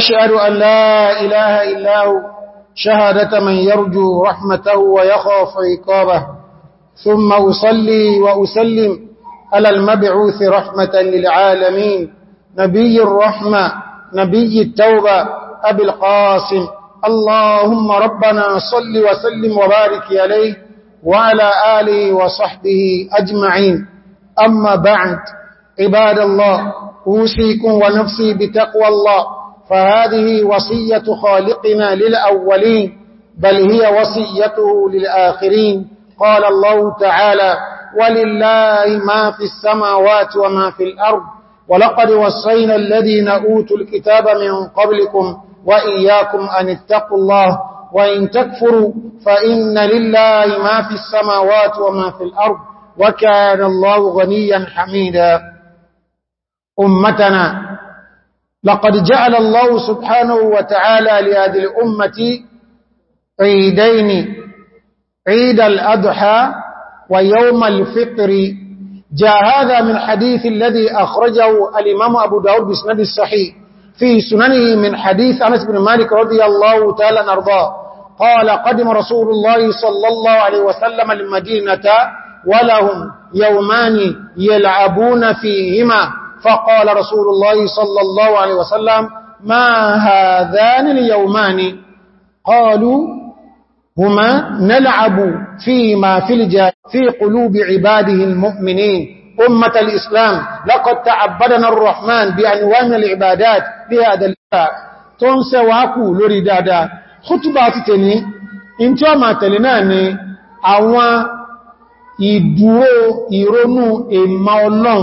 أشهد أن لا إله إلا هو شهادة من يرجو رحمته ويخاف عقابه ثم أصلي وأسلم على المبعوث رحمة للعالمين نبي الرحمة نبي التوبة أبي القاسم اللهم ربنا صل وسلم وبارك عليه وعلى آله وصحبه أجمعين أما بعد عباد الله أوسيكم ونفسي بتقوى الله فهذه وصية خالقنا للأولين بل هي وصيته للآخرين قال الله تعالى ولله ما في السماوات وما في الأرض ولقد وصينا الذين أوتوا الكتاب من قبلكم وإياكم أن اتقوا الله وإن تكفروا فإن لله ما في السماوات وما في الأرض وكان الله غنيا حميدا أمتنا لقد جعل الله سبحانه وتعالى لهذه الأمة عيدين عيد الأضحى ويوم الفطر جاء هذا من حديث الذي أخرجه الإمام أبو داود بسند الصحيح في سننه من حديث أنس بن مالك رضي الله تعالى نرضاه قال قدم رسول الله صلى الله عليه وسلم المدينة ولهم يومان يلعبون فيهما فقال رسول الله صلى الله عليه وسلم ما هذان اليومان قالوا هما نلعب فيما في, الجا في قلوب عباده المؤمنين أمة الإسلام لقد تعبدنا الرحمن بأنوان العبادات لهذا الإسلام تنسى وأكو لوري خطبات تني انتو ما تلناني àwọn ìdúró ìrónú èmà ọlọ́run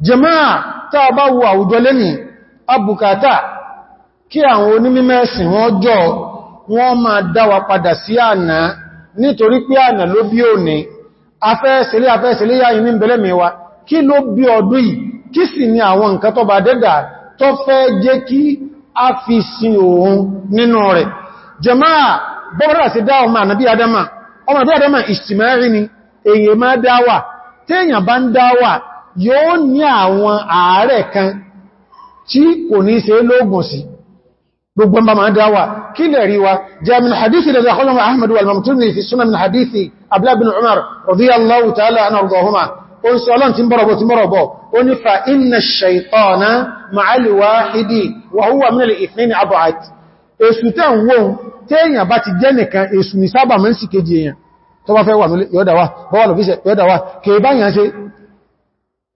jẹmáà tá a bá wo àwùjọ lẹ́nì abùkátà kí àwọn onímẹ́sìn wọ́n jọ wọ́n máa dáwà padà sí àná nítorí pé àná ló bí òní afẹ́ẹ̀sẹ̀lé afẹ́ẹ̀sẹ̀lé yá inú ìbẹ̀lẹ́mẹ́wa kí ló bí ọdún yìí kí sì ni àwọn nǹkan tó bá dẹ́dà tó fẹ́ jẹ́ kí a fi sin òun nínú rẹ̀ jẹmáà bọ́bọ́dá ma adama yóò ní àwọn àárẹ̀ kan tí kò ní ṣe lóògùn sí gbogbo ọmọ máa dáwà kí lè rí wa jẹ́ min hadithi da zakhalama ahmadu al-mamtuni fi sunan min hadithi abúlábin umar radiyallahu ta'ala an arzuhuma o n sọ́lọ́n tí bọ́rọ̀bọ̀ tí bọ́rọ̀bọ̀ o ní fa inna shaitana ma'ali wahidi wa huwa min al-ithnaini abu'at èṣù tẹ́ ń wọ́n tẹ́yìn bá ti jẹ́ nìkan èṣù ní sábà mọ́ sí kejì èèyàn tó bá fẹ́ wà yọ́dàwà bọ́wà lọ́fíṣẹ́ yọ́dàwà kèèbáyàn ṣe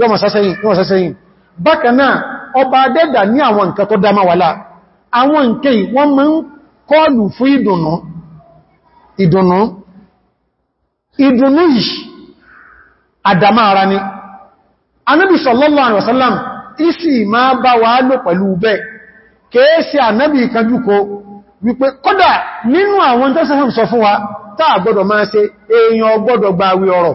yọ́ mọ̀ sásẹ́yìn bákanáà ọba adẹ́dà ní àwọn nǹkan tó dáma àwọn nǹkan wọ́n mọ́ ń kọlù fún ìdùnnú ìdùnnú ìdùnnú yìí ara ni anábì isi ma bá wà lò pẹ̀lú bẹ́ kèése anábì kanjúkọ wípé kódà nínú àwọn tẹ́sàn sọ fún wa táà gbọ́dọ̀ máa ṣe èèyàn gbọ́dọ̀ gbààwẹ̀ ọ̀rọ̀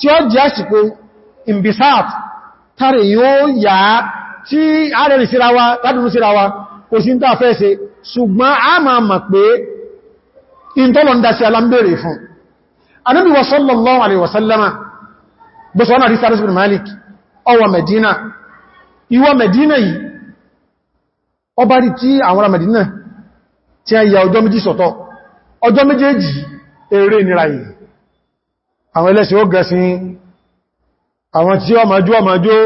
tí ó jẹ́ àsìkò imbisat tàrí yóò yà tí àrẹ̀rẹ̀ síra wa tàdúrú síra wa kò sí tàà fẹ́ ṣe ṣùgbọ́n a máa mọ̀ pé ìntọ́lọ̀ sí alámbèrè fún sallallahu alaihi wasallama bó sọ ọ́nà rí sáàrẹ́sì bin Malik ọwà Medina ìwà Medina yìí ọba rí tí àwọn Medina tí a yà ọjọ́ méjì sọ̀tọ̀ ọjọ́ yìí àwọn ẹlẹ́sìn ó gẹ̀ẹ́sìn àwọn tí ó máa jó ọmọ jó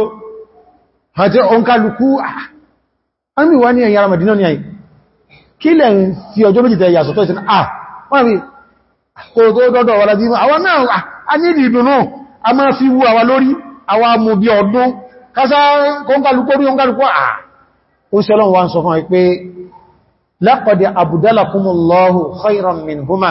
àti ọǹkálukú àmì ah, wá ní ẹ̀yà ramadina ní àyí kí lẹ̀ ń fi ọjọ́ méjì tẹ̀ yàsọ̀tọ̀ ìsin à ah, wọ́n rí ọdọ́dọ̀ wà lábí àwọn náà ah, a ní ìdùnnú a máa fi wú àwa lórí àwa mú bí ọdún kásá kọ́nkálukú orí ọǹkálukú à ó sẹ́lọ́n wa ń sọ fún ẹ pé laqad abdalakumullahu khayran minhuma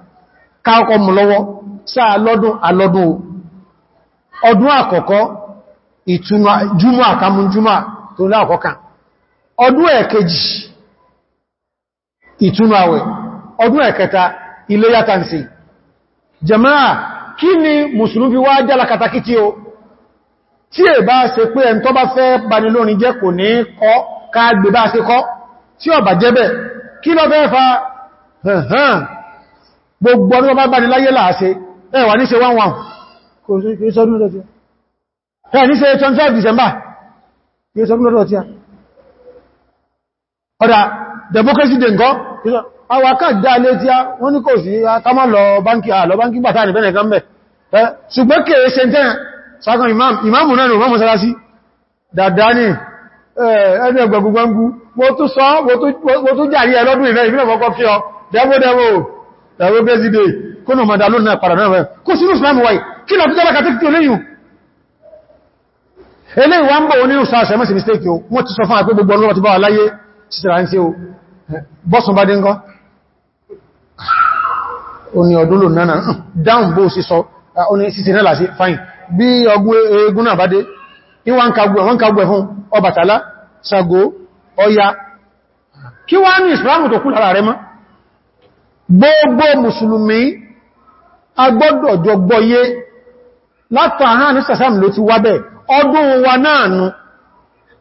káàkọ́ mú lọ́wọ́ sáà alọ́dún ọdún àkọ́kọ́ ìtúnmà júmọ́ àkàmù júmọ́ tó láàkọ́kàn ọdún ẹ̀kẹjì ìtúnmà ọdún ẹ̀kẹta ilé yátànsì jamaa kí ni mùsùlùmí wá jálà tí o tí è bá pé bá fẹ́ jẹ́ kò ní kọ́ bá kọ́ tí jẹ́bẹ̀ gbogbo ọdún ọba gbani láyé láàáṣe ẹwà ní ṣe 1-1 kò sí sọdún lọ́dọ̀ tí a ẹ̀ ní ṣe 25 December yóò sọdún lọ́dọ̀ tí a ọ̀dá democracy day ǹkan awaka dá lé tí a wọ́n ní kò sí akámọ́ lọ báńkì àlọ́ báńkì bàtà ní bẹ́ẹ̀ kan bẹ̀ ṣùgbọ́n kèrè ṣe tẹ́ sàkàn ìmáàmù náà rọ̀mọ́ mọ́sálásí dáadáa ní ẹni ọgbẹ̀gbogbo mo tún sọ mo tún jàrí ẹlọ́dún ìrẹ́ ìbílẹ̀ mọ́kọ́ fí ọ dẹ́gbọ́dẹ́gbọ́ ẹ̀rọ bẹ́ẹ̀sìdè kó nà mọ̀dá lónà padà náà rẹ̀ kó sínú ìsìlámù wáyé kí nà títọ́lá kàtí tí oléyìn eléyìn wá ń bọ̀ onírù sáàsẹ̀ mẹ́sì mistake o wọ́n ti sọ fún àpé gbogbo ọlọ́wọ́ ti bá wà láyé sísìrà ń sí o bọ́sùn bá dínkọ́ oní ọdún lò náà dáun bó sì sọ oní fine bí ọgbọ́ eégún náà bá dé ní wọ́n kagbẹ̀ fún Ọbàtálá Ṣàngó Ọya kí wá ní ìsìlámù gbogbo musulmi agbọ́dọ̀ jọ gbọ́yé látàhán ní sàsàm ló ti wábẹ̀ ọdún wa náà nù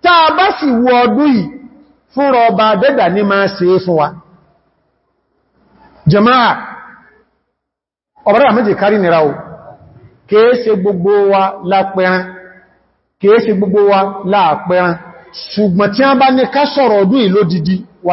táa bá sì wọ ọdún yìí ọba dẹ́gbà ní máa ṣe é fún wa jama'a ọ̀bọ̀dá méjì kárí nira o kèése gbogbo wa lápẹran gbogbo wa láàpẹran ṣùgbọ́n tí a bá ní ká sọ̀rọ̀ ọdún yìí lódidi wà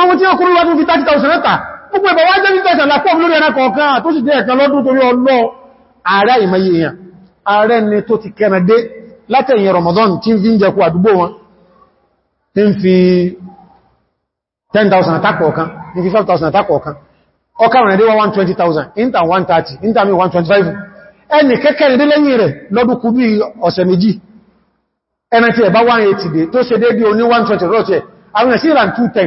àwọn tí wọ́n kúrò lọ́dún fi 30,000 mẹ́ta púpọ̀ ìbọ̀ wájẹ́ ní tẹ̀sàn lápọ̀ lórí ẹ̀nà kọ̀ọ̀kan tó sì jẹ́ ẹ̀kan lọ́dún torí ọlọ́ ààrẹ ìmọ̀yé èèyàn ààrẹ ni tó ti kẹnàdé látẹ̀yìn Ramadan tí ń fi ń jẹku tí ẹ̀bá 180 tó ṣe dé bí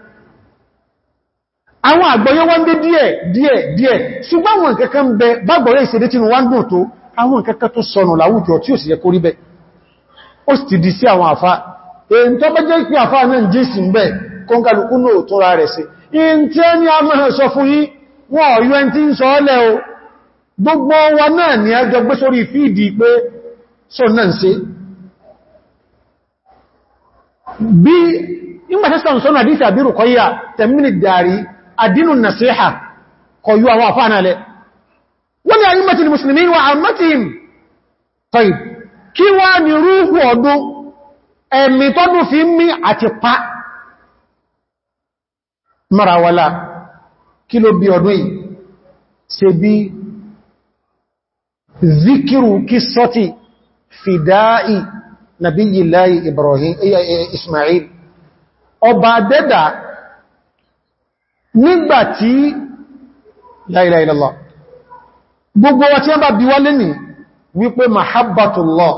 àwọn àgbọ́yọ́ wọ́n dé díẹ̀ díẹ̀ díẹ̀ ṣùgbọ́n àwọn kẹ́kẹ́ ń bẹ bágbọ̀rẹ́ ìṣẹ́dé tí wọ́n dùn tó àwọn kẹ́kẹ́ tó sọnù láwùjọ tí ó sì yẹ kó rí bẹ́ ó sì dì sí àwọn àfá èyí tó bẹ́ jẹ́ pé àfá náà jí sí bẹ́ ra rẹ̀ sí in tí ó ní a máa sọ o gbogbo ni a àdínù nàṣíhà kọ̀ yú àwọn àfáà nálẹ̀ wọ́n ni àyímọ̀tí musulmi wa àmọ́tìm tọ́ì kí wá ní rúhù ọdún ẹ̀mì tọ́nù fi mí àti pa marawala kí ló bí ọdún yìí ṣe bí zikiru kí sọ́tì fìdáì nàbí yìí láyé Ibrahim eh, eh, Ismail ọba dẹ́dàá nígbàtí la ilaha illallah gbogbo wa tí wọ́n bá bí wá lè ní wípé mahabbatullah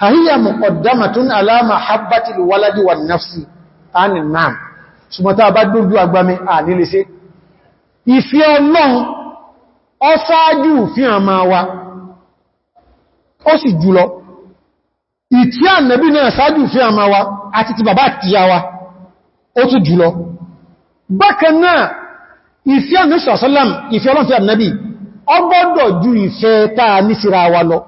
àhíyà muqaddamatun ala mahabbatil waladi wan nafsi tánì náà ṣùgbọ́ta bá dójú agbami à nílẹ̀ṣẹ́ ìfẹ́ ọlọ́run ọ sáájú fi hàn máa wa ó sì jùlọ ìtí ànàbí náà bákanáà ìfẹ́ àmìsọ̀ sọ́lám ìfẹ́ ọlọ́fẹ́ ànábì ọgbọ́dọ̀ ju ìfẹ́ táa ní síra wa lọ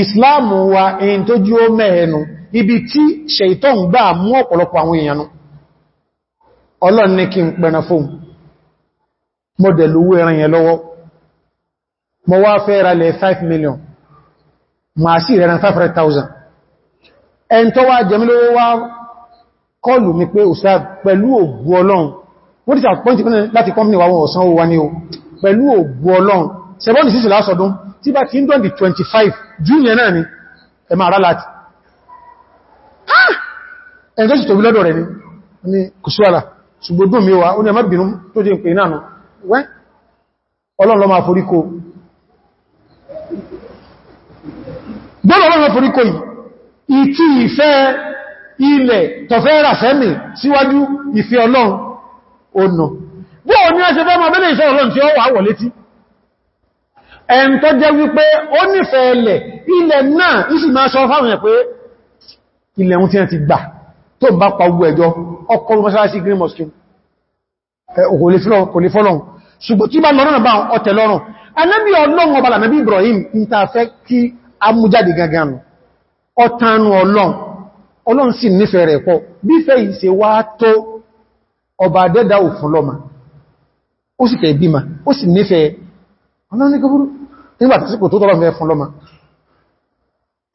ìsìláàmù wa èyí tó jí ó mẹ́ẹ̀nu ibi tí ṣẹ̀ìtọ́n gbà mú ọ̀pọ̀lọpọ̀ àwọn èèyàn Ọlọ́run mo dẹ̀ lówó ẹran yẹn lọ́wọ́ mo wá fẹ́ ra lẹ̀ million ma sí ìrẹ̀rẹ̀ 500,000 ẹn tó wá jẹ́mílówó wá kọlù mi pé òsáà pẹ̀lú ògbú ọlọ́run wọ́n ti àpọ́ntì pẹ́lú láti kọ́mìnì wà wọn ọ̀sán owó wa ní o pẹ̀lú ògbú ọlọ́run sẹ́bọ́nì sísì lásọdún tí bá ti ń dọ́ndì 25 junior náà ni ẹ máa rá láti ẹni tó sì tóbi lọ́dọ̀ rẹ̀ ni kò sí wàlà ṣùgbọ́dún mi wà ó ní ẹmọ́bìnú tó jẹ́ ìpè náà wẹ́ ọlọ́run lọ máa forí kó bọ́ọ̀lọ́ máa ìtí ìfẹ́ ilẹ̀ tọ̀fẹ́ rà sẹ́mì síwájú ìfẹ́ ọlọ́run ọ̀nà bó o ní ẹsẹ fẹ́ ma bẹ́lẹ̀ ìṣẹ́ ọlọ́run tí ó wà wọ̀ létí ẹn tó jẹ́ wípé ó nífẹ́ ilẹ̀ ilẹ̀ náà ìsì máa sọ fáwọn ẹ̀ pé ilẹ̀ ohun green mosque kò lè fọ́lọ́run ṣùgbọ́n tí bá lọ́rùn bá ọ̀tẹ̀ lọ́rùn anábí ọlọ́run ọba lànàbí Ibrahim ń ta fẹ́ kí amújáde gangan ọlọ́run ọlọ́run sì nífẹ̀ẹ́ rẹ̀ pọ̀ bí fẹ́ ìṣe wá tó ọba dẹ́dà òfin lọ́mà ó sì fẹ́ bímà ó sì nífẹ̀ẹ́ ọlọ́run ní kọbúrú nígbà tàbí kò tó tọ́lọ́ fún lọ́mà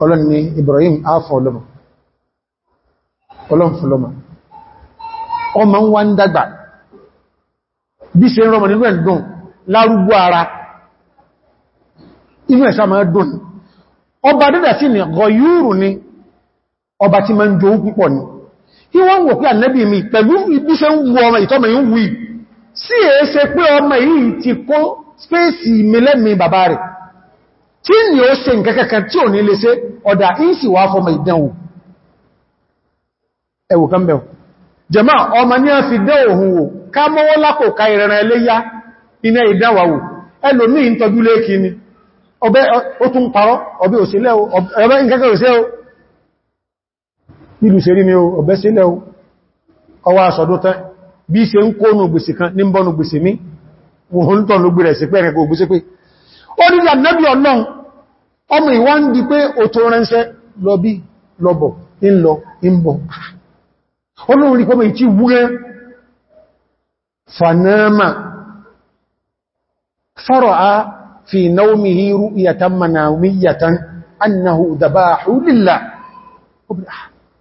ọlọ́run ní Ibrahim áfọ́ lọ́mà ọlọ́run fún lọ́mà ọmọ ń wá ń dàgbà bí ṣe rọmọ nínú ẹ̀dùn lárúgbó ara inú ọba dẹ́dà sí ni gọ̀yúrù ni ọba tí ma ń jò púpọ̀ ní tí wọ́n wò pé ànẹ́bì mi pẹ̀lú ibúṣẹ́ ń wọ ọmọ ìtọ́mọ̀ yìí ń wù sí èése pé ọmọ yìí ti kó spéèsì mẹ́lẹ́mì bàbá rẹ̀ tí ni ó ṣe nkẹ́kẹ́kẹ́ tí ò ní lè ṣe ọ̀dà ìsì wà fọmọ ìdánwò ẹwò nílù ṣe o ní ọ̀bẹ́ sílẹ̀ ọwá aṣọ́dún tán bí ṣe ń kónù gbèsè kan ní bọ́nù gbèsè mí wọ́n ló gbèrè sí pẹ́rẹ̀ kò gbèsè pé ó ní ànábì ọlọ́run ọmọ ìwá ń di o tó annahu lillah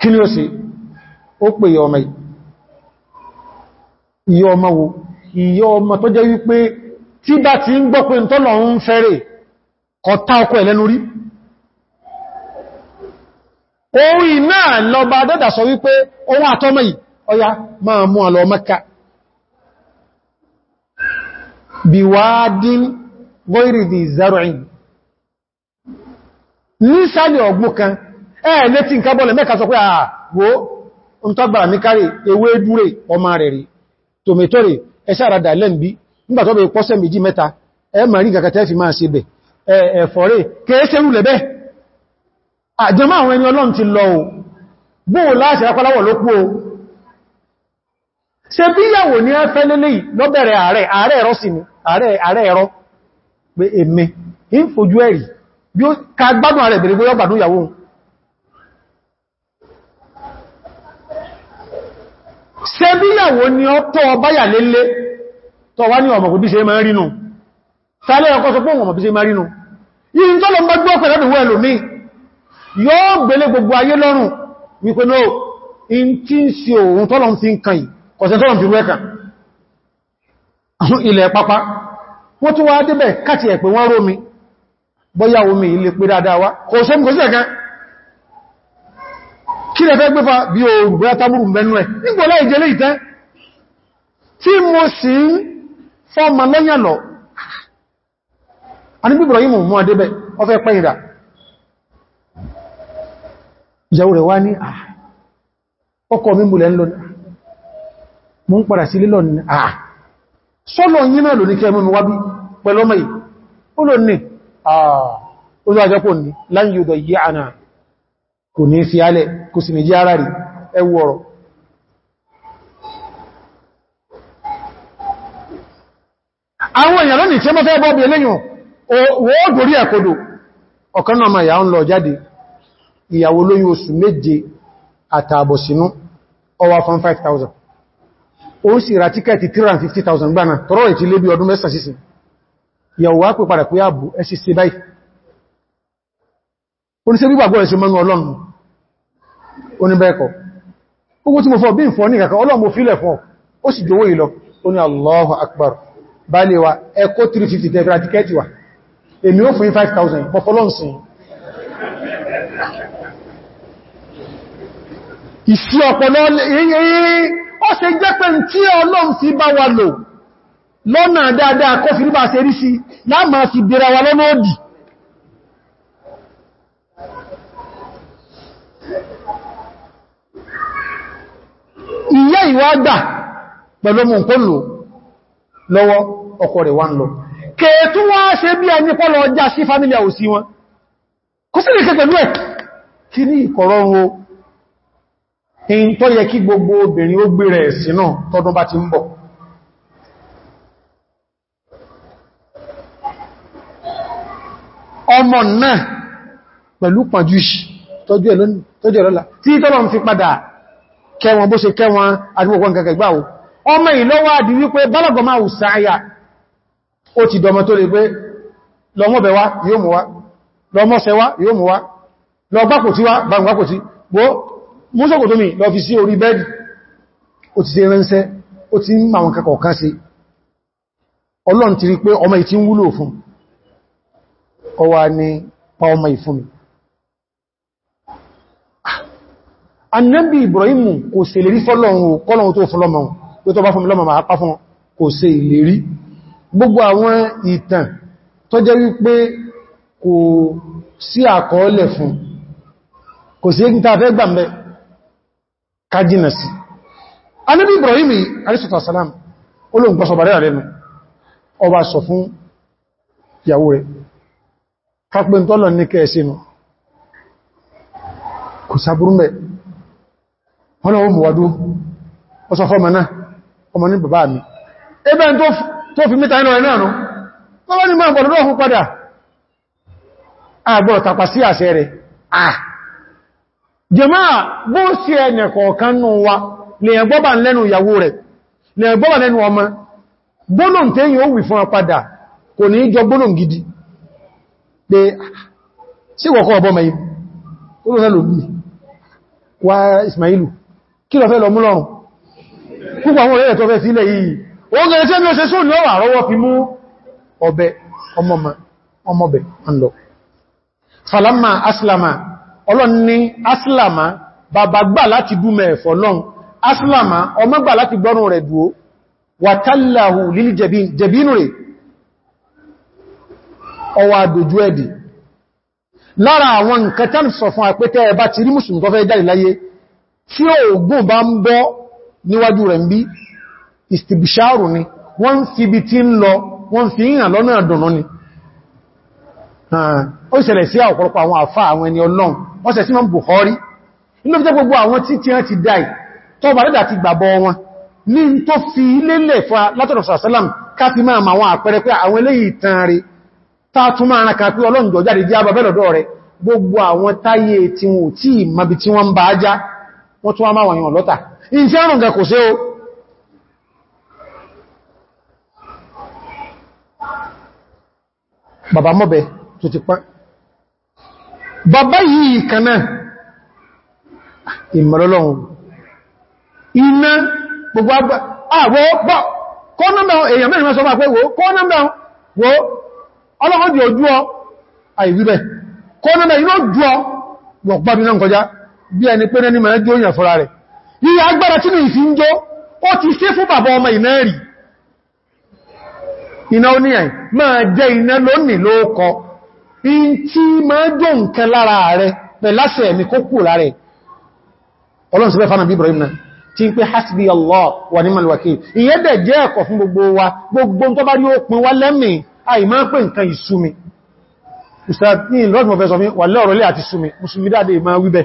kí ni ó sì ó pè yọ ọmọ ìyọ ọmọ wo ìyọ ọmọ tó jẹ́ wípé tí bá ti ń gbọ́ pé tọ́lọ̀ ń fẹ́rẹ̀ kọta ọkọ̀ ẹ̀lẹ́nu rí orí náà lọba dẹ́dà sọ wípé ohun àtọ́mọ̀ yìí ọya máa mú àlọ bí gọ́ìrìdì kan ẹ̀ eh, létí nǹkan bọ́lẹ̀ mẹ́ka sọ pé àwọ́ ń tọ́gbàrà mí kárí ewé dúrè ọmọ rẹ̀ rí tòmẹ́tọ́rì ẹṣẹ́ àràdà lẹ́m̀bí nígbàtọ́bẹ̀ pọ́sẹ̀ méjì mẹ́ta ẹ ma rí nǹkan tẹ́ fi máa ṣe bẹ̀ ẹ̀fọ́rẹ́ kẹ́ẹ́ṣẹ́ rú lẹ́bẹ́ àjẹmọ́ àwọn ẹni o bóò láti ṣe bíyàwó ni ọ tọ́ ọbáyà lélé tọ́ wá ní ọmọ kò bí ṣe máa rínú tààlẹ́ ọkọ́ sọ pé ọmọ bí ṣe máa rínú yìí tó lọ gbọ́gbọ́ pẹ̀lú ẹ̀lú ẹlòmí yóò gbélé gbogbo ayé lọ́rùn wípé no in tí bọ́yá omi ilé pé dáadáa wá kò sómi kò sí ẹ̀kan kí lẹ fẹ́ gbéfà bí o rùgbẹ́ tábùrù mẹ́nu ẹ̀ nígbò láì jẹlé ìtẹ́ tí mo sì ń fọ́mà lẹ́yìn lọ a ní bíbọ̀rọ̀ yìí mọ̀ mọ́ adébẹ̀ ọfẹ́ pẹ́yìnrà ìyàwó rẹ̀ wá ní ọkọ̀ mímúlẹ̀ ńlọ ó lò ó lọ́ ní láyé ọdọ̀ yìí àná kò ní fi alẹ̀ kò sì ní jí ara rí ẹwọ ọ̀rọ̀ àwọn èèyàn lónìí tí ó mọ́fẹ́ bọ́bí eléyìn wọ́n dórí ẹ̀kọ́dò ọ̀kan náà ìyà ń lọ jáde ìyàwó lóyún oṣù méje àtààbọ̀ sínú ọwà fún 5,000 ó sì ra tíkẹ́ẹ̀tì 350,000 gbána tọ́rọ ìtí lé bí ọdún mẹ́sàn sísìn ìyàwó wá pè padà pé ààbò ẹ̀sì sí báyìí oníṣẹ́ gbígbàgbọ́ ẹ̀sì mọ́nú ọlọ́run oníbẹ́ẹ̀kọ́ ogun tí mo fọ́ bí n fọ́ ní kàkà ọlọ́run mo fílẹ̀ fọ́ ó sì jówó ìlọ ó ní Allahu Akbar balẹ̀ wa ẹkó 350 tẹ́gbẹ̀rẹ̀ tíkẹ́ẹ̀tì wa èmi ó 5,000 pọ̀fọ́lọ́nsìn ìsí ìyá ìwà gbà pẹ̀lú mú kó lò lọ́wọ́ ọkọ rẹ̀ wá ń lọ kẹ̀ẹ̀tún wá ṣe bí ẹni pọ́lọ ọjá sí fámílì àwòsí wọn kò sí ìrìnkẹ́ pẹ̀lú ẹ̀ kí ní ìkọ̀rọ̀run o in tó yẹ kí gbogbo obìnrin ó gbé rẹ̀ sí náà tọdún bá ti ń bọ̀ ọmọ náà pẹ̀lú pàjúṣì tọ́jú ẹ̀ tí tọ́lọ̀ kẹwọn bó ṣe kẹwọn àdúgbòkọ́ nǹkan kẹgbàwó ọmọ ìlọ́wọ́ àdí wípé bálọ̀gọ́mà òsáyà ó ti dọmọ tó lè pé lọmọ́bẹ̀wá yóò mú wá lọmọ́sẹ̀wá yóò mú wá lọgbàkòtí wá bàǹgbàkòtí bó múṣọ́kòtó mi lọ fi sí orí bẹ́ẹ̀dì ó ti ṣe rẹ́nṣẹ́ ó ti ń àwọn ni pa ọmọ ìfún annabi ibrahimu kò ṣe ìlérí fọ́lọ́run kọ́lọ́run tó fọ́lọ́mọ̀ tó tó bá fún mílọ́mọ̀ máa pa fún kò ṣe ìlérí gbogbo àwọn ìtàn tó jẹ́ wípé kò sí àkọọ́lẹ̀ fún kò sí ẹgbìta fẹ́ gbàmẹ́ kájínà sí annabi ibrahimu arísọ̀tọ̀ salam olóògbà sọ bàrẹ́ rẹ̀ ọba sọ fún ìyàwó ni kápẹ́ntọ́lọ̀ ní kẹ́ẹ̀sínú kò sáburú mẹ́ wọ́n lọ́wọ́ mú wọ́dún ó sọ fọ́mọ náà ọmọ ní bàbá fi mítà inú ẹ̀nà rú wọ́n wọ́n ni máa bọ̀lọ́rọ̀ ọ̀hún padà àgbọ̀rọ̀ tàpà sí àṣẹ rẹ̀ jẹmá bó sí ẹnì kọ̀ọ̀kan nù wa lẹ́nu ìyàwó rẹ̀ ọmọ wì fún kò ní jọ gidi pé sí wọ́kọ́ kí lọ fẹ́ lọ mú lọ́rùn púpọ̀ àwọn ọ̀rẹ́ ẹ̀tọ́ fẹ́ sílẹ̀ yìí ó gẹ̀rẹ́ tí ó ṣe só lọ́wà rọwọ́ fi mú ọbẹ̀ ọmọbẹ̀ ọlọ́ salama aslama ọlọ́ni aslama bàbá gbà láti dúmẹ̀ ẹ̀fọ́ lọ́n aslama ọmọ gbà láti gbọ́rùn rẹ̀ dúó wàtàláhù lílì jẹ̀bínú rẹ̀ ọwà àdójú ẹ̀dì lára àwọn nǹkan tán sọ fún àpẹtẹ ẹbá tí òògùn bá ń bọ́ níwájú rẹ̀ ń bí istibisharu ni wọ́n ń fi bí tí ń lọ wọ́n fi ìhàn lọ́nà àdùnnú ni ó ṣẹlẹ̀ sí ọ̀pọ̀lọpọ̀ àwọn àfá àwọn ẹni ọlọ́run wọ́n ṣẹ̀ sí mọ́ Bukhari inú gbogbo àwọn fa látọ̀rọ̀ sàṣálàm káfí máa ma wọn àpẹẹrẹ pé àwọn eléyìí tán rí tààtún máa rán kàpí ọlọ́run jọ jáde jẹ́ ababẹ́lọ̀dọ́ rẹ̀ gbogbo táyé tí wọn ò tí ì tí wọ́n ń bá ajá wọ́n tún àmà wọ̀nyàn lọ́ta in tí àrùn gẹ̀kò sí o bàbá mọ́bẹ̀ tó ti pán bàbá yìí kaná ìmọ̀lọ́lọ́run iná gbogbo agbá àwọ́ bọ́ kọ́ nọ́mbà èèyàn mẹ́rin mẹ́sọ́fà pé wo kọ́ nọ́mbà wo ọlọ́kọ́ di ojú ọ àìwíbẹ̀ kọ́ nọ́mbà inú ojú ọ wọ̀pá bí náà kọjá bí ẹni pé ní mẹ́rin jó yàn fúnra rẹ̀ yíya agbára tínú ìfí ń jó ó ti sé fún bàbá ọmọ ìmẹ́rì iná oníyàn máa jẹ iná lónìí ló kọ in tí máa jó nǹkan lára rẹ̀ pẹ̀láṣẹ̀ ẹ̀mí kó kù lára ọlọ́run sí fẹ́ fánà bí Ibrahim Allah wà ní malwaki ìyẹ́ ìlọ́dún ọ̀fẹ́ sọ fún wà lẹ́ọ̀rọ̀lẹ́ àti súmi musulmi dáadé ma wíbẹ̀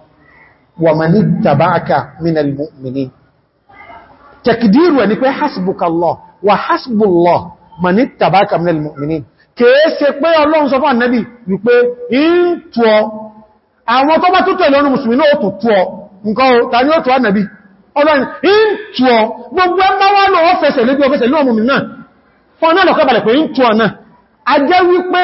ومن اتبعك من المؤمنين تكدير يعني pé حسبك الله وحسب الله من اتبعك من المؤمنين kèése pé ọlọ́run sọ fún ànẹ́bì wípé awon tuọ àwọn tó bá tó musulmi náà tó tuọ nǹkan o ta ní ó tuọ ànẹ́bì ọlọ́run in tuọ gbogbo lọ wọ́n fẹsẹ̀ lójú ọfẹsẹ̀ ní ọmọ mi náà fún náà lọ́kọ́bàlẹ̀ pé in a jẹ́ wípé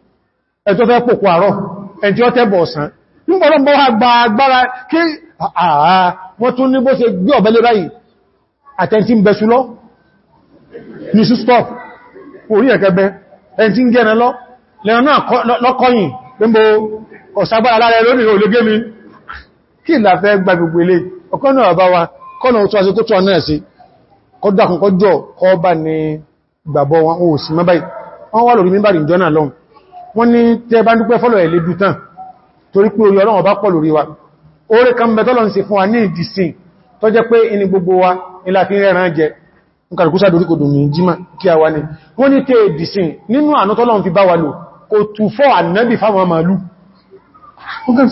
ẹ̀tọ́ fẹ́ pòpò àárọ̀ ẹ̀tí ó tẹ́bọ̀ ọ̀sán ń bọ̀rọ̀ bọ́ àgbà agbára kí àà wọ́n tún ní bó ṣe gbé ọ̀bẹ́ lé báyìí àtẹ́ntí ń bẹ súlọ́ ní ṣústọ́f orí ẹ̀kẹ́bẹ́ ẹ̀ntí ń gẹ́rẹ lọ lẹ́ran náà lọ́kọ́yìn pẹ́mbọ́ ọ̀sàgbára lára ẹ̀ lónìí ológé mi kí ìlàfẹ́ gba gbogbo ilé ọkọ́ wọ́n wá lórí mímbàrí ìjọ náà lọ́hùn wọ́n ní tẹ́ bá dúpẹ́ fọ́lọ̀ ẹ̀ lè dù tán torí pé orí ọlọ́run bá pọ̀ lórí wa oore kan bẹ̀ tọ́lọ̀ ń ṣe fún wa ní ìdìsìn tó jẹ́ pé inú gbogbo wa ilá fi rẹ̀ràn jẹ nkàrùkúsà doríkodò ní jímá kí a wá ní wọ́n ní tẹ́ ìdìsìn nínú àná tọ́lọ̀ fi bá wa lò kò tù fọ́ ànábì fáwọn màálù wọ́n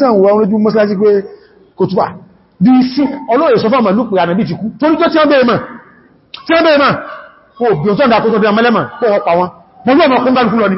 lọ ni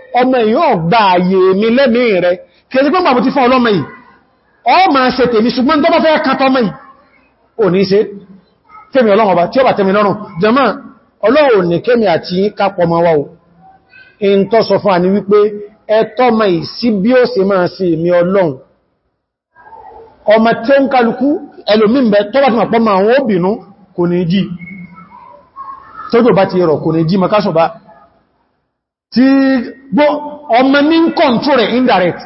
ọmọ yóò gba àyè mi lẹ́mí rẹ̀ kí ẹni pẹ́gbà mú ti fún ọlọ́mọ yìí ọ máa ṣe tèmi ṣùgbọ́n tó bá fẹ́ katọmọ yìí ò ní ṣe tèmi ọlọ́run ọba tí ó bà tèmi lọ́rùn jẹmọ́ ọlọ́run ní kémi àti kápọ̀ ma wá o in tó tí gbọ́ ọmọ ní ń control rẹ̀ indirect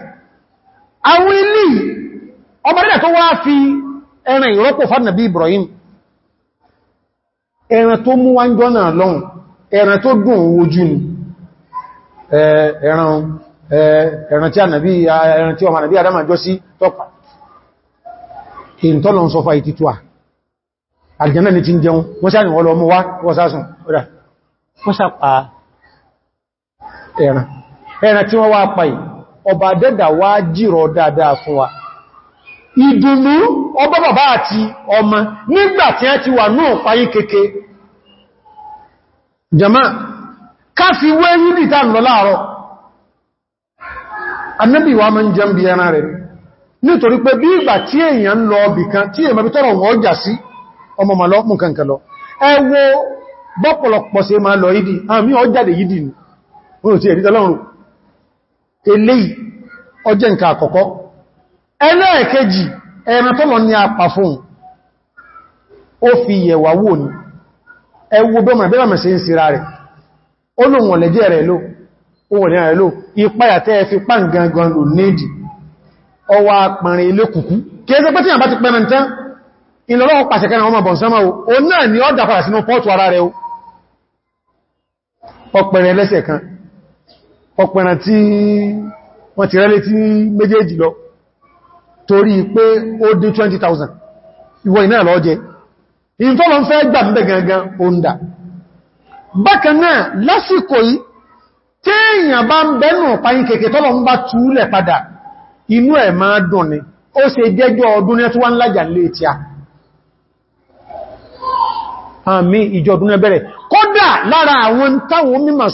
àwọn ilé ọmọ rẹ̀ tó wá fi ẹran ìrọ́pò fàdínàbí Ibrahim ẹran tó mú wọ́n jọ náà lọ́hùn ẹran tó dùn ojú ni ẹran tí ànàbí ẹran tí ọmọ ànàbí Adama jọ sí tọ́pa ìntọ́lọ̀ ń sọfà ìtìtùà àjẹ́nà ni ti ń jẹun wọ́n sáà ni wọ́n ẹran ẹran tí wọ́n wá pàì ọba dẹ́dà wá jírọ dáadáa fún wa ìdùnnú ọba bàbá àti ọmọ nígbà tí ti wà náà payí keke jama káfí wé yìí lọ láàrọ. annabi wa mọ́ jẹ́ bí ẹran rẹ̀ nítorí pé bí ìgbà tí èèyàn lọ tí èèyàn tọ́rọ wọ́n lọ bọ́pọ̀lọpọ̀ sí ma lọ ìdí àmì ọjáde yìí oòrùn ti ẹ̀ríta lọ́rùn eléyìí ọjẹ́ nǹkan àkọ́kọ́ ẹlẹ́ẹ̀kejì ẹran tọ́lọ ní apà fún ó fi yẹ̀wà wò ní ẹwọ bọ́mọ̀ fi pán gangan lò nídì ọwà pàrin ilé kùkú kéèsẹ́ ìlọ́lọ́wọ́ pàṣẹ kẹrin ọmọ o náà ni ọ́dà padà sínú pọ́ọ̀tù ara rẹ̀ o ọpẹrẹ lẹ́sẹ̀ kan ọpẹran tí wọ́n ti rẹ́lé tí méjèèjì lọ torí pé ó dé 20,000 ìwọ ìnáà lọ jẹ́ in ń fẹ́ gbà gangan oúnjẹ lásìkò yìí tí èyàn bá ń bẹ́nù pàyín kèkè tọ́lọ ń bá túúlẹ̀ padà inú ẹ̀ máa dùn ni ó jẹ́jọ́ ọdún ẹ́ tó wá ń lájà lé a àmì ìjọ ọdún ẹ bẹ̀rẹ̀ kódà lára àwọn táwọn mímọ̀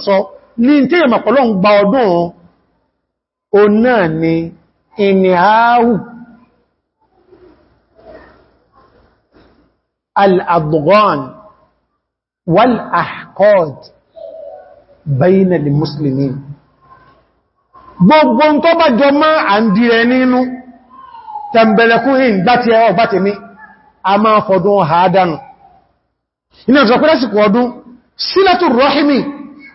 ní tí èmà pọ̀lọ́ ń gba ọdún o náà ni ìníháhù al-adghan wal-ahqad bayna al-muslimin gbogbo tó bá jọ máa à ń dìrẹ nínú tẹ̀m̀bẹ̀lẹ̀kún hìn gbáti ẹwọ́ gbáti mi a máa fọdún àádánù iná ìjọpẹ́lẹ́sìkò ọdún sílẹ̀tù rọ́hìmì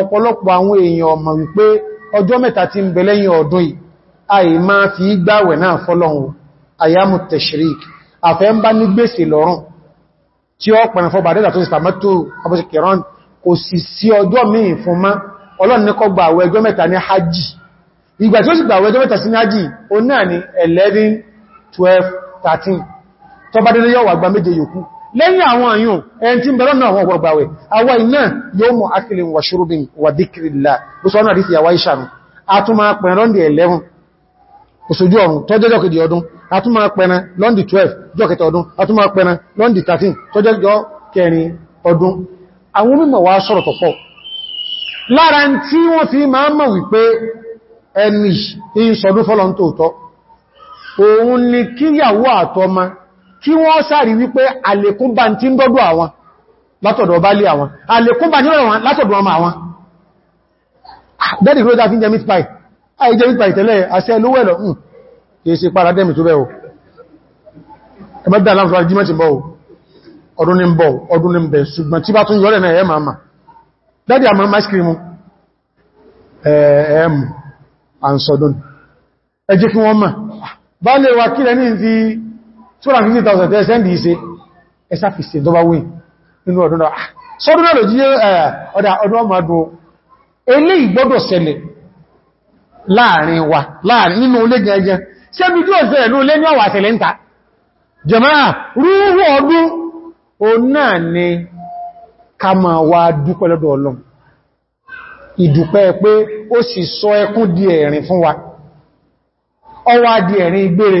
ọ̀pọ̀lọpọ̀ àwọn èèyàn ọmọ wípé ọjọ́ mẹ́ta ti ń bẹ lẹ́yìn ọdún yìí àì máa fi gbàwẹ̀ náà fọ́lọ́hun àyámù tashrik àfẹ́ ń bá ní gbèsè lọ́rùn tí ó pẹ̀rẹ̀ fọ́ bàdẹ́dà tó sì pàmẹ́tò ọbọ̀sẹ̀kẹ̀rán kò sì sí ọjọ́ míì fún má ọlọ́run ní kó gba lẹ́yìn àwọn àyùn ẹni tí ń bẹ̀rọ náà wọ́n gbọ̀gbàwẹ̀ àwọ iná yóò mọ̀ akílin wà ṣúrúbìn wà díkìrìlá bó sọ náà rí sí àwá ìṣàrùn àtúnmà pẹ̀rẹ̀ lọ́ndì 11 òṣòjú ọ̀run tó jẹ́ òun ni kíyàwó àtọmọ kí wọ́n sáàrí wípé àlékún bá ti ń dọ́dọ̀ àwọn látọ̀dọ̀ ọba lé àwọn àlékún bá ti rọrọ̀ wọn látọ̀dọ̀ ọmọ àwọn dẹ́dì kúrò dáfí jẹ meat pie àì ah, jẹ meat pie tẹ́lẹ̀ àṣẹ lówẹ́lọ̀ ń hmm, kìí ṣe para dẹ́mì tó bẹ́ẹ̀ ẹjẹ́ kí wọ́n mọ̀ ah, bá lè wà kílẹ̀ ní ìdí 250,000 tẹ́ sẹ́ndì ìṣe ẹsá fi ṣe dọ́bá wí nínú ọdún náà ah, sọ́dún náà lòjí ọdá ọdún ọmọ ọdún elé ìgbọ́dọ̀ ṣẹlẹ̀ láàrin wa láàrin nínú olé gẹ́gẹ́ sẹ́bí tí ó ṣẹlẹ̀ ní olé ní ọwà ṣẹlẹ̀ ń ta jẹmáà rúrú ọdún o ni ká pé ó sì sọ ẹkún di ẹ̀rín fún wa ọwá di ẹ̀rín ìgbére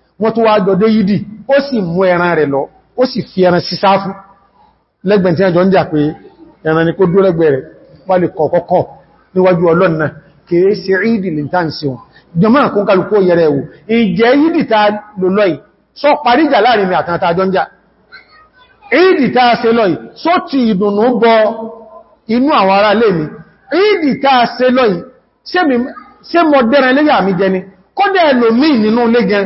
wọ́n tó wá jọdé yìí ó sì mú ẹran rẹ̀ lọ ó sì fi ẹran sí sáfú lẹ́gbẹ̀ẹ́ tí ẹjọ́ ń jà pé ẹran ni kó dúró lẹ́gbẹ̀ẹ́ rẹ̀ wà lè kọ̀kọ́kọ́ níwájú ọlọ́nà kìí sí ìdì lè tàn sí wọn jọmọ́ àkún kálukú yẹrẹ ẹ̀wò ìjẹ́ yìí ta lò lọ́ì sọ parí jà láàrin mi àtàntà àjọ ń jà se mọ̀ dẹ́ran léyà mi jẹ ni kọ́dẹ̀ ẹlòmí nínú lé gan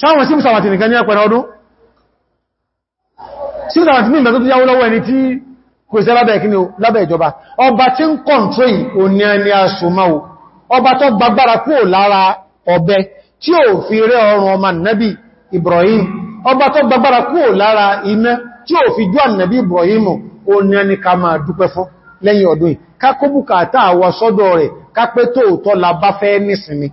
sáwọn símsàwàtì nìkan ní ẹ̀pẹ̀rẹ̀ ọdún símsàwàtì ní ìgbàtọ́ tó yáwó lọ́wọ́ ẹni tí kò ìsẹ́ lábẹ́ ìkíni lábẹ́ ìjọba ọba tí ń kọ̀ntrẹ́ì òní ẹni asòmáwò ọba tó gbagbára kúrò lára ọ̀bẹ tí fi ọrùn ọmọ nẹ́bí Ibrahim ọba tó gbagbára lára tí fi jú ànẹ́bí Ibrahim ẹni ká máa dúpẹ́ fún lẹ́yìn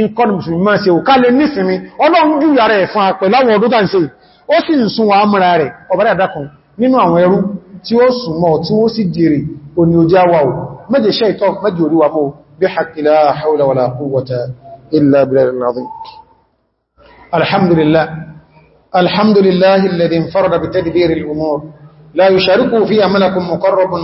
nǹkan mùsùlùmí máa ṣe ò ká lè nísìnmi ọlọ́run jù yàrá ẹ̀ fún àpẹ̀ láwọn ọdún tàn ṣe ó sì ń sun àmúra rẹ̀ ọ̀bá dàdá kan nínú àwọn ẹrú tí ó sùn mọ́ tí ó sì jèrè òní ojú àwà ò méje ṣẹ́ ìtọ́ méje oríwà mọ́ bí hakila haula wala quwwata illa billahi al-azim alhamdulillah alhamdulillahi alladhi infarada bi tadbiri al-umur la yushariku fiha malakun muqarrabun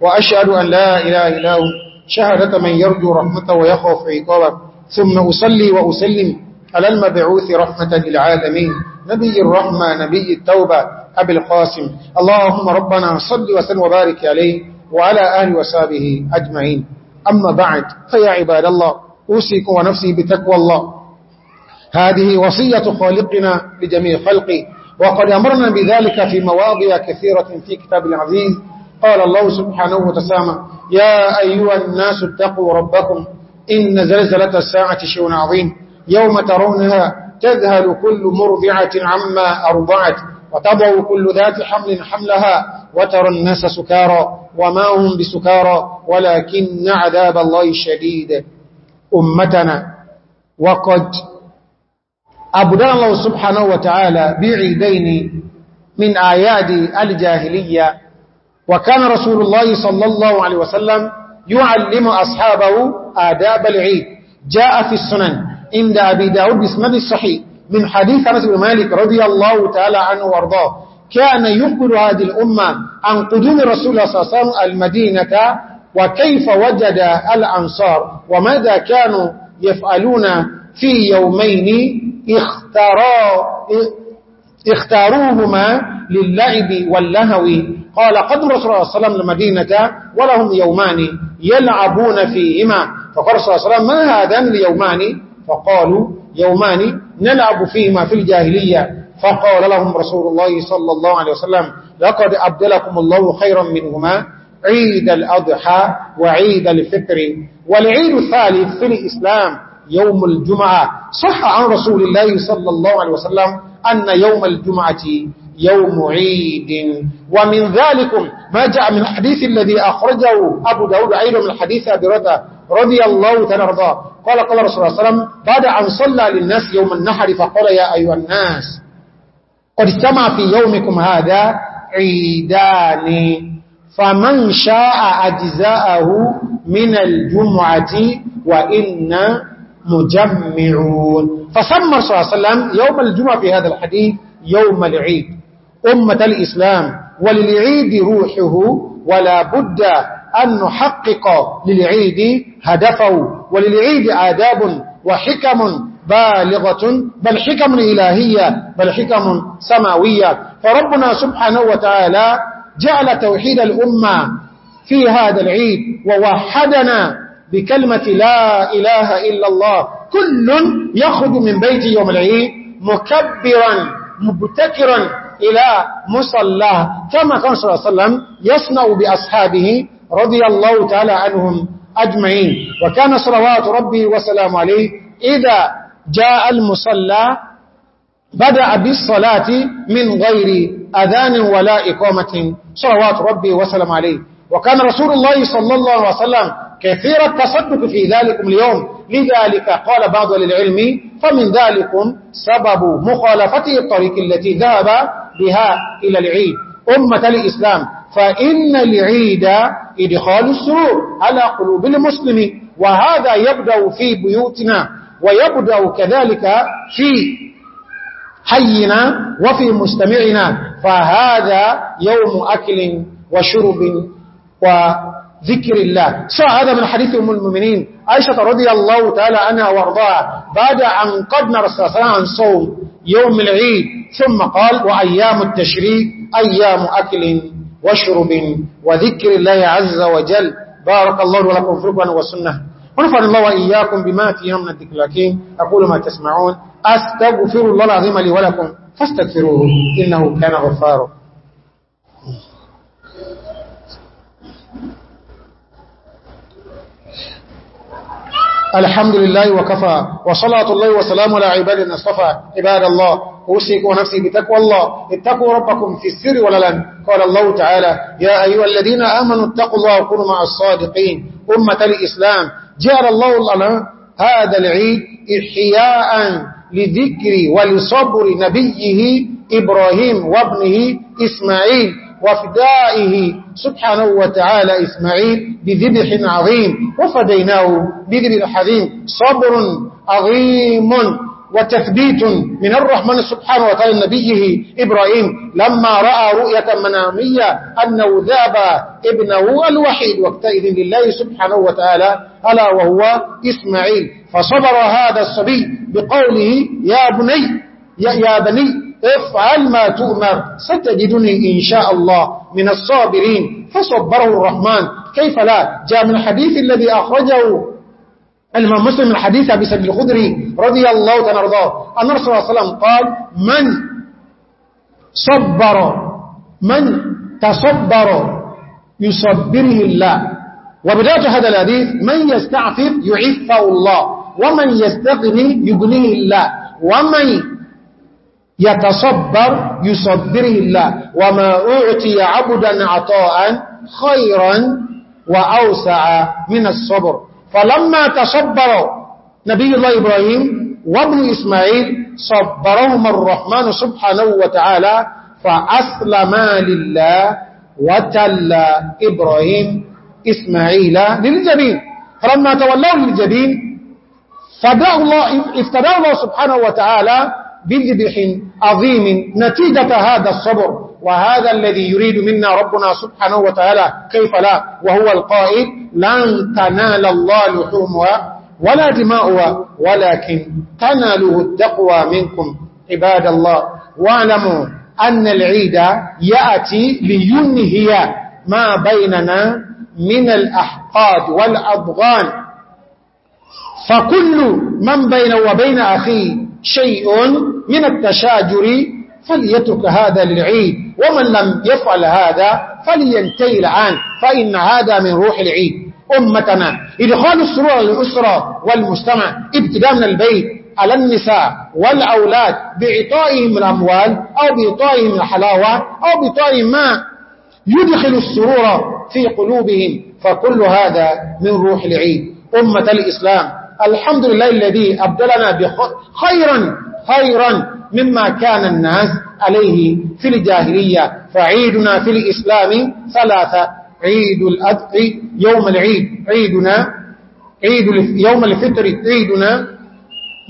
وأشهد أن لا إله إلا هو شهادة من يرجو رحمته ويخاف عقابه ثم أصلي وأسلم على المبعوث رحمة للعالمين نبي الرحمة نبي التوبة أبي القاسم اللهم ربنا صل وسلم وبارك عليه وعلى آل وسابه أجمعين أما بعد فيا عباد الله أوسيك ونفسي بتكوى الله هذه وصية خالقنا لجميع خلقه وقد أمرنا بذلك في مواضع كثيرة في كتاب العظيم قال الله سبحانه وتسامى يا أيها الناس اتقوا ربكم إن زلزلة الساعة شيء عظيم يوم ترونها تذهل كل مرضعة عما أرضعت وتضع كل ذات حمل حملها وترى الناس سكارا وما هم بسكارا ولكن عذاب الله شديد أمتنا وقد أبدأ الله سبحانه وتعالى بعيدين من آيات الجاهلية وكان رسول الله صلى الله عليه وسلم يعلم أصحابه آداب العيد جاء في السنن عند أبي داود باسمه الصحيح من حديث أنس بن مالك رضي الله تعالى عنه وارضاه كان يخبر هذه الأمة عن قدوم رسول الله صلى الله عليه وسلم المدينة وكيف وجد الأنصار وماذا كانوا يفعلون في يومين اخترا اختاروهما للعب واللهو قال قدم رسول الله صلى الله عليه وسلم المدينة ولهم يومان يلعبون فيهما فقال صلى الله عليه وسلم ما هذان اليومان فقالوا يومان نلعب فيهما في الجاهلية فقال لهم رسول الله صلى الله عليه وسلم لقد أبدلكم الله خيرا منهما عيد الأضحى وعيد الفطر والعيد الثالث في الإسلام يوم الجمعة صح عن رسول الله صلى الله عليه وسلم أن يوم الجمعة يوم عيد ومن ذلك ما جاء من الحديث الذي أخرجه أبو داود عيد من حديث أبي رضا رضي الله تنرضى قال قال رسول الله صلى الله عليه وسلم بعد أن صلى للناس يوم النحر فقال يا أيها الناس قد اجتمع في يومكم هذا عيدان فمن شاء أجزاءه من الجمعة وإن مجمعون فسمى صلى الله عليه وسلم يوم الجمعة في هذا الحديث يوم العيد أمة الإسلام وللعيد روحه ولا بد أن نحقق للعيد هدفه وللعيد آداب وحكم بالغة بل حكم إلهية بل حكم سماوية فربنا سبحانه وتعالى جعل توحيد الأمة في هذا العيد ووحدنا بكلمة لا إله إلا الله كل يخرج من بيته يوم العيد مكبرا مبتكرا إلى مصلى كما كان صلى الله عليه وسلم يصنع بأصحابه رضي الله تعالى عنهم أجمعين وكان صلوات ربي وسلام عليه إذا جاء المصلى بدأ بالصلاة من غير أذان ولا إقامة صلوات ربي وسلام عليه وكان رسول الله صلى الله عليه وسلم كثير التصدق في ذلك اليوم لذلك قال بعض للعلم فمن ذلك سبب مخالفته الطريق التي ذهب بها إلى العيد أمة الإسلام فإن العيد إدخال السرور على قلوب المسلم وهذا يبدأ في بيوتنا ويبدأ كذلك في حينا وفي مستمعنا فهذا يوم أكل وشرب و ذكر الله سوى هذا من حديث أم المؤمنين عائشة رضي الله تعالى عنها وارضاها بعد أن قدنا رسول الله عن صوم يوم العيد ثم قال وأيام التشريك أيام أكل وشرب وذكر الله عز وجل بارك الله لكم فرقا وسنة والسنة ونفعل الله وإياكم بما فيها من الذكر الأكيم أقول ما تسمعون أستغفر الله العظيم لي ولكم فاستغفروه إنه كان غفاره الحمد لله وكفى وصلاة الله وسلام على عباد اصطفى عباد الله أوسيك ونفسي بتقوى الله اتقوا ربكم في السر لن قال الله تعالى يا أيها الذين آمنوا اتقوا الله وكونوا مع الصادقين أمة الإسلام جعل الله لنا هذا العيد إحياء لذكر ولصبر نبيه إبراهيم وابنه إسماعيل وفدائه سبحانه وتعالى إسماعيل بذبح عظيم وفديناه بذبح حظيم صبر عظيم وتثبيت من الرحمن سبحانه وتعالى نبيه إبراهيم لما رأى رؤية منامية أنه ذاب ابنه الوحيد وقتئذ لله سبحانه وتعالى ألا وهو إسماعيل فصبر هذا الصبي بقوله يا بني يا, يا بني افعل ما تؤمر ستجدني إن شاء الله من الصابرين فصبره الرحمن كيف لا جاء من الحديث الذي أخرجه المن مسلم الحديث أبي الخدري رضي الله تنرضاه أن رسول الله صلى الله عليه وسلم قال من صبر من تصبر يصبره الله وبداية هذا الحديث من يستعفف يعفه الله ومن يستغني يغنيه الله ومن يتصبر يصبره الله وما أعطي عبدا عطاء خيرا وأوسع من الصبر فلما تصبر نبي الله إبراهيم وابن إسماعيل صبرهما الرحمن سبحانه وتعالى فأسلما لله وتلى إبراهيم إسماعيل للجبين فلما تولوا للجبين فدعوا الله افتدعوا الله سبحانه وتعالى بذبح عظيم نتيجة هذا الصبر وهذا الذي يريد منا ربنا سبحانه وتعالى كيف لا وهو القائل لن تنال الله لحومها ولا دماؤها ولكن تناله التقوى منكم عباد الله واعلموا أن العيد يأتي لينهي ما بيننا من الأحقاد والأضغان فكل من بين وبين أخيه شيء من التشاجر فليترك هذا للعيد ومن لم يفعل هذا فلينتهي العام فإن هذا من روح العيد أمتنا إدخال السرور للأسرة والمجتمع ابتداء من البيت على النساء والأولاد بإعطائهم الأموال أو بإعطائهم الحلاوة أو بإعطائهم ما يدخل السرور في قلوبهم فكل هذا من روح العيد أمة الإسلام الحمد لله الذي أبدلنا خيرا خيرا مما كان الناس عليه في الجاهلية فعيدنا في الإسلام ثلاثة عيد الأدق يوم العيد عيدنا عيد يوم الفطر عيدنا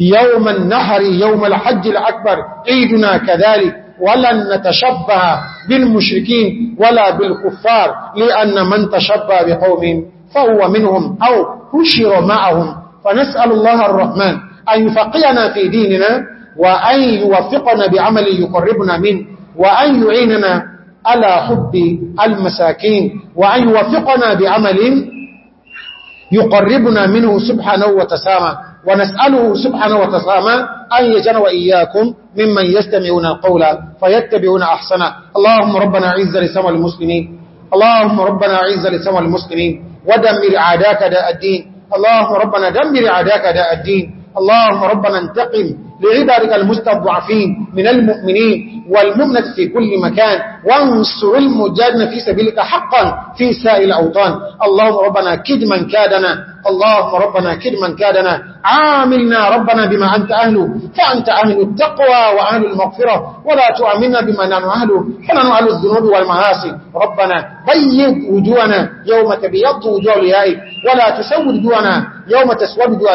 يوم النحر يوم الحج الأكبر عيدنا كذلك ولن نتشبه بالمشركين ولا بالكفار لأن من تشبه بقوم فهو منهم أو هشر معهم ونسأل الله الرحمن أن يفقينا في ديننا وأن يوفقنا بعمل يقربنا منه وأن يعيننا على حب المساكين وأن يوفقنا بعمل يقربنا منه سبحانه وتسامى ونسأله سبحانه وتسامى أن يجن وإياكم ممن يستمعون القول فيتبعون أحسنه اللهم ربنا عز لسمى المسلمين اللهم ربنا عز لسمى المسلمين ودمر عاداك داء الدين اللهم ربنا دمر عداك داء الدين اللهم ربنا انتقم لعبارك المستضعفين من المؤمنين والمؤمنة في كل مكان وانصر المجاهدين في سبيلك حقا في سائر الأوطان اللهم ربنا كد من كادنا اللهم ربنا كد من كادنا عاملنا ربنا بما أنت أهله فأنت أهل التقوى وأهل المغفرة ولا تعاملنا بما نحن أهله فنحن أهل الذنوب والمعاصي ربنا بيض وجوهنا يوم تبيض وجوه ليائك ولا تسود وجوهنا يوم تسود وجوه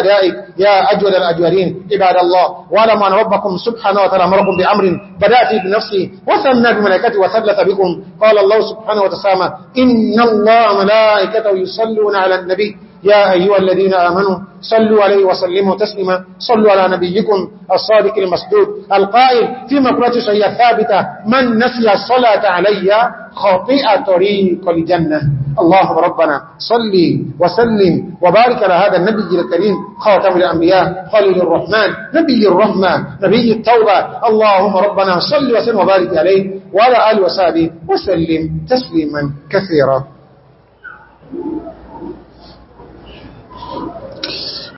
يا أجود الأجودين عباد الله وعلم أن ربكم سبحانه وتعالى أمركم بأمر بدأت بنفسي وثنى بملكته وثنى حدث بكم قال الله سبحانه وتسامى إن الله ملائكته يصلون على النبي يا أيها الذين آمنوا صلوا عليه وسلموا تسلما صلوا على نبيكم الصادق المسدود القائل في مقرأة شيئة ثابتة من نسي الصلاة علي خاطئة طريق الجنة اللهم ربنا صلي وسلم وبارك على هذا النبي الكريم خاتم الأنبياء خليل الرحمن نبي الرحمة نبي التوبة اللهم ربنا صلي وسلم وبارك عليه وعلى آل وسابه وسلم تسليما كثيرا